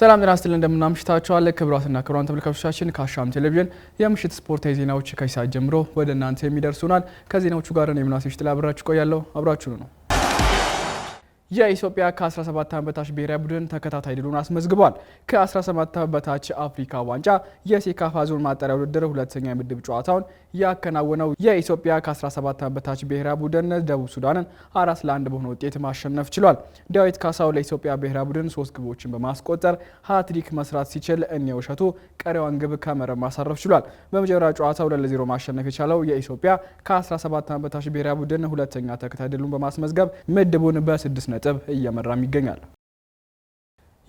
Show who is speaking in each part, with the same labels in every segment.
Speaker 1: ሰላም ጤና ስትል እንደምናምሽታችኋል። ክብራትና ክብራን ተመልካቾቻችን ከአሻም ቴሌቪዥን የምሽት ስፖርታዊ ዜናዎች ከሳት ጀምሮ ወደ እናንተ የሚደርሱናል። ከዜናዎቹ ጋር ነው የምናስሽት ላይ አብራችሁ ቆያለሁ። አብራችሁኑ ነው የኢትዮጵያ ከ17 ዓመት በታች ብሔራዊ ቡድን ተከታታይ ድሉን አስመዝግቧል። ከ17 ዓመት በታች አፍሪካ ዋንጫ የሴካፋ ዞን ማጣሪያ ውድድር ሁለተኛ የምድብ ጨዋታውን ያከናወነው የኢትዮጵያ ከ17 ዓመት በታች ብሔራዊ ቡድን ደቡብ ሱዳንን አራት ለአንድ በሆነ ውጤት ማሸነፍ ችሏል። ዳዊት ካሳው ለኢትዮጵያ ብሔራዊ ቡድን ሶስት ግቦችን በማስቆጠር ሀትሪክ መስራት ሲችል እኔ ውሸቱ ቀሪዋን ግብ ከመረብ ማሳረፍ ችሏል። በመጀመሪያ ጨዋታ ሁለት ለዜሮ ማሸነፍ የቻለው የኢትዮጵያ ከ17 ዓመት በታች ብሔራዊ ቡድን ሁለተኛ ተከታይ ድሉን በማስመዝገብ ምድቡን በስድስት ነጥብ እየመራም ይገኛል።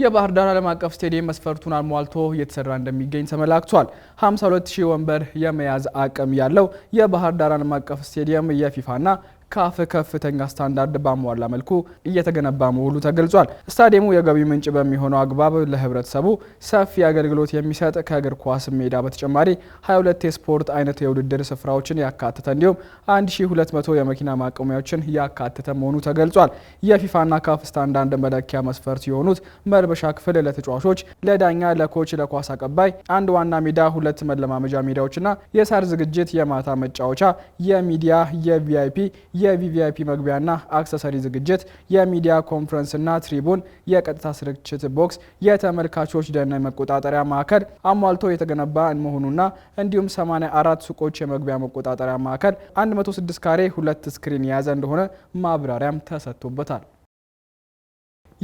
Speaker 1: የባህር ዳር ዓለም አቀፍ ስቴዲየም መስፈርቱን አሟልቶ እየተሰራ እንደሚገኝ ተመላክቷል። 52 ሺህ ወንበር የመያዝ አቅም ያለው የባህር ዳር ዓለም አቀፍ ስቴዲየም የፊፋና ካፍ ከፍተኛ ስታንዳርድ ባሟላ መልኩ እየተገነባ መሆኑ ተገልጿል። ስታዲየሙ የገቢ ምንጭ በሚሆነው አግባብ ለህብረተሰቡ ሰፊ አገልግሎት የሚሰጥ ከእግር ኳስ ሜዳ በተጨማሪ 22 የስፖርት አይነት የውድድር ስፍራዎችን ያካተተ እንዲሁም 1200 የመኪና ማቆሚያዎችን ያካተተ መሆኑ ተገልጿል። የፊፋና ካፍ ስታንዳርድ መለኪያ መስፈርት የሆኑት መልበሻ ክፍል ለተጫዋቾች፣ ለዳኛ፣ ለኮች፣ ለኳስ አቀባይ አንድ ዋና ሜዳ፣ ሁለት መለማመጃ ሜዳዎችና የሳር ዝግጅት፣ የማታ መጫወቻ፣ የሚዲያ፣ የቪአይፒ የቪቪአይፒ መግቢያና አክሰሰሪ ዝግጅት፣ የሚዲያ ኮንፈረንስና ትሪቡን፣ የቀጥታ ስርጭት ቦክስ፣ የተመልካቾች ደህንነት መቆጣጠሪያ ማዕከል አሟልቶ የተገነባ መሆኑና እንዲሁም 84 ሱቆች የመግቢያ መቆጣጠሪያ ማዕከል 106 ካሬ ሁለት ስክሪን የያዘ እንደሆነ ማብራሪያም ተሰጥቶበታል።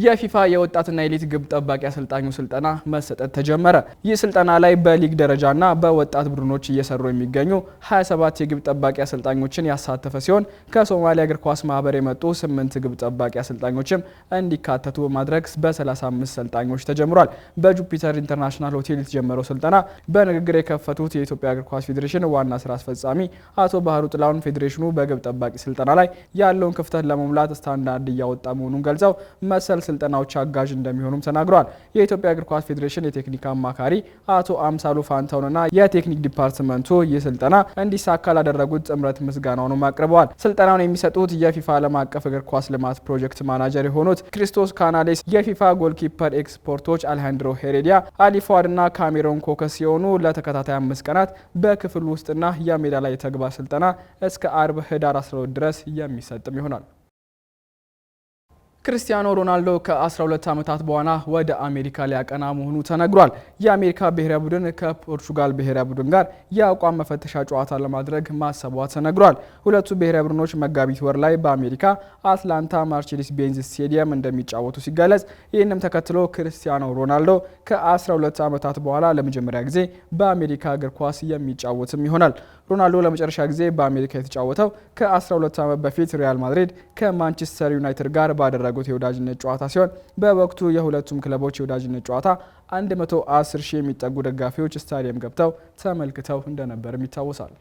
Speaker 1: የፊፋ የወጣትና የኤሊት ግብ ጠባቂ አሰልጣኙ ስልጠና መሰጠት ተጀመረ። ይህ ስልጠና ላይ በሊግ ደረጃና በወጣት ቡድኖች እየሰሩ የሚገኙ 27 የግብ ጠባቂ አሰልጣኞችን ያሳተፈ ሲሆን ከሶማሊያ እግር ኳስ ማህበር የመጡ 8 ግብ ጠባቂ አሰልጣኞችም እንዲካተቱ በማድረግ በ35 ሰልጣኞች ተጀምሯል። በጁፒተር ኢንተርናሽናል ሆቴል የተጀመረው ስልጠና በንግግር የከፈቱት የኢትዮጵያ እግር ኳስ ፌዴሬሽን ዋና ስራ አስፈጻሚ አቶ ባህሩ ጥላሁን ፌዴሬሽኑ በግብ ጠባቂ ስልጠና ላይ ያለውን ክፍተት ለመሙላት ስታንዳርድ እያወጣ መሆኑን ገልጸው መሰል ስልጠናዎች አጋዥ እንደሚሆኑም ተናግረዋል። የኢትዮጵያ እግር ኳስ ፌዴሬሽን የቴክኒክ አማካሪ አቶ አምሳሉ ፋንታውንና የቴክኒክ ዲፓርትመንቱ ይህ ስልጠና እንዲሳካ ላደረጉት ጥምረት ምስጋናውንም አቅርበዋል። ስልጠናውን የሚሰጡት የፊፋ ዓለም አቀፍ እግር ኳስ ልማት ፕሮጀክት ማናጀር የሆኑት ክሪስቶስ ካናሌስ፣ የፊፋ ጎልኪፐር ኤክስፖርቶች አልሃንድሮ ሄሬዲያ፣ እና ካሜሮን ኮከስ ሲሆኑ ለተከታታይ አምስት ቀናት በክፍል ውስጥና የሜዳ ላይ የተግባር ስልጠና እስከ አርብ ህዳር 12 ድረስ የሚሰጥም ይሆናል። ክርስቲያኖ ሮናልዶ ከ12 ዓመታት በኋላ ወደ አሜሪካ ሊያቀና መሆኑ ተነግሯል። የአሜሪካ ብሔራዊ ቡድን ከፖርቹጋል ብሔራዊ ቡድን ጋር የአቋም መፈተሻ ጨዋታ ለማድረግ ማሰቧ ተነግሯል። ሁለቱ ብሔራዊ ቡድኖች መጋቢት ወር ላይ በአሜሪካ አትላንታ ማርቼዲስ ቤንዝ ስቴዲየም እንደሚጫወቱ ሲገለጽ፣ ይህንም ተከትሎ ክርስቲያኖ ሮናልዶ ከ12 ዓመታት በኋላ ለመጀመሪያ ጊዜ በአሜሪካ እግር ኳስ የሚጫወትም ይሆናል። ሮናልዶ ለመጨረሻ ጊዜ በአሜሪካ የተጫወተው ከ12 ዓመት በፊት ሪያል ማድሪድ ከማንቸስተር ዩናይትድ ጋር ባደረገው ያደረጉት የወዳጅነት ጨዋታ ሲሆን በወቅቱ የሁለቱም ክለቦች የወዳጅነት ጨዋታ 110 ሺህ የሚጠጉ ደጋፊዎች ስታዲየም ገብተው ተመልክተው እንደነበርም ይታወሳል።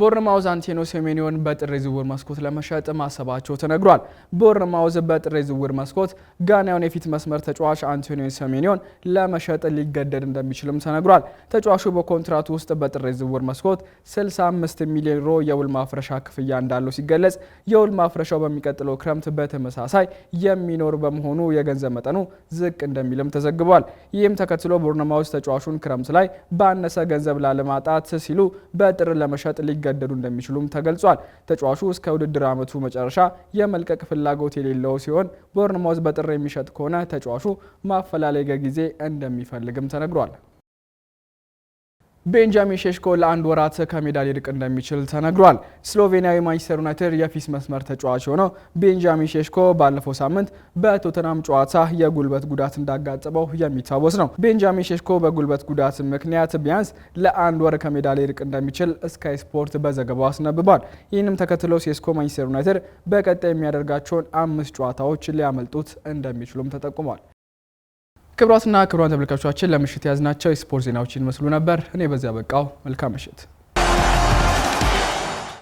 Speaker 1: ቦርንማውዝ አንቴኖ ሴሜኒዮን በጥር ዝውውር መስኮት ለመሸጥ ማሰባቸው ተነግሯል። ቦርንማውዝ በጥር ዝውውር መስኮት ጋናውን የፊት መስመር ተጫዋች አንቶኒዮ ሴሜኒዮን ለመሸጥ ሊገደድ እንደሚችልም ተነግሯል። ተጫዋቹ በኮንትራቱ ውስጥ በጥር ዝውውር መስኮት 65 ሚሊዮን ዩሮ የውል ማፍረሻ ክፍያ እንዳለው ሲገለጽ የውል ማፍረሻው በሚቀጥለው ክረምት በተመሳሳይ የሚኖር በመሆኑ የገንዘብ መጠኑ ዝቅ እንደሚልም ተዘግቧል። ይህም ተከትሎ ቦርንማውዝ ተጫዋቹን ክረምት ላይ ባነሰ ገንዘብ ላለማጣት ሲሉ በጥር ለመሸጥ ሊገደዱ እንደሚችሉም ተገልጿል። ተጫዋቹ እስከ ውድድር ዓመቱ መጨረሻ የመልቀቅ ፍላጎት የሌለው ሲሆን ቦርንማውዝ በጥር የሚሸጥ ከሆነ ተጫዋቹ ማፈላለገ ጊዜ እንደሚፈልግም ተነግሯል። ቤንጃሚን ሼሽኮ ለአንድ ወራት ከሜዳ ሊርቅ እንደሚችል ተነግሯል። ስሎቬኒያዊ ማንቸስተር ዩናይትድ የፊት መስመር ተጫዋች የሆነው ቤንጃሚን ሼሽኮ ባለፈው ሳምንት በቶተናም ጨዋታ የጉልበት ጉዳት እንዳጋጠመው የሚታወስ ነው። ቤንጃሚን ሼሽኮ በጉልበት ጉዳት ምክንያት ቢያንስ ለአንድ ወር ከሜዳ ሊርቅ እንደሚችል ስካይ ስፖርት በዘገባው አስነብቧል። ይህንም ተከትሎ ሴስኮ ማንቸስተር ዩናይትድ በቀጣይ የሚያደርጋቸውን አምስት ጨዋታዎች ሊያመልጡት እንደሚችሉም ተጠቁሟል። ክብሯትና ክብሯን ተመልካቾቻችን ለምሽት የያዝናቸው የስፖርት ዜናዎችን ይመስሉ ነበር። እኔ በዚያ በቃው። መልካም ምሽት